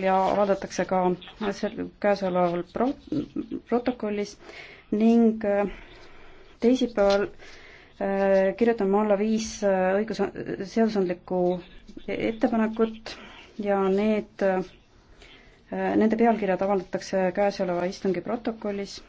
ja avaldatakse ka käesoleval pro-, protokollis ning äh, teisipäeval äh, kirjutan ma alla viis äh, õigus-, seadusandlikku e-, ettepanekut ja need äh,, nende pealkirjad avaldatakse käesoleva istungi protokollis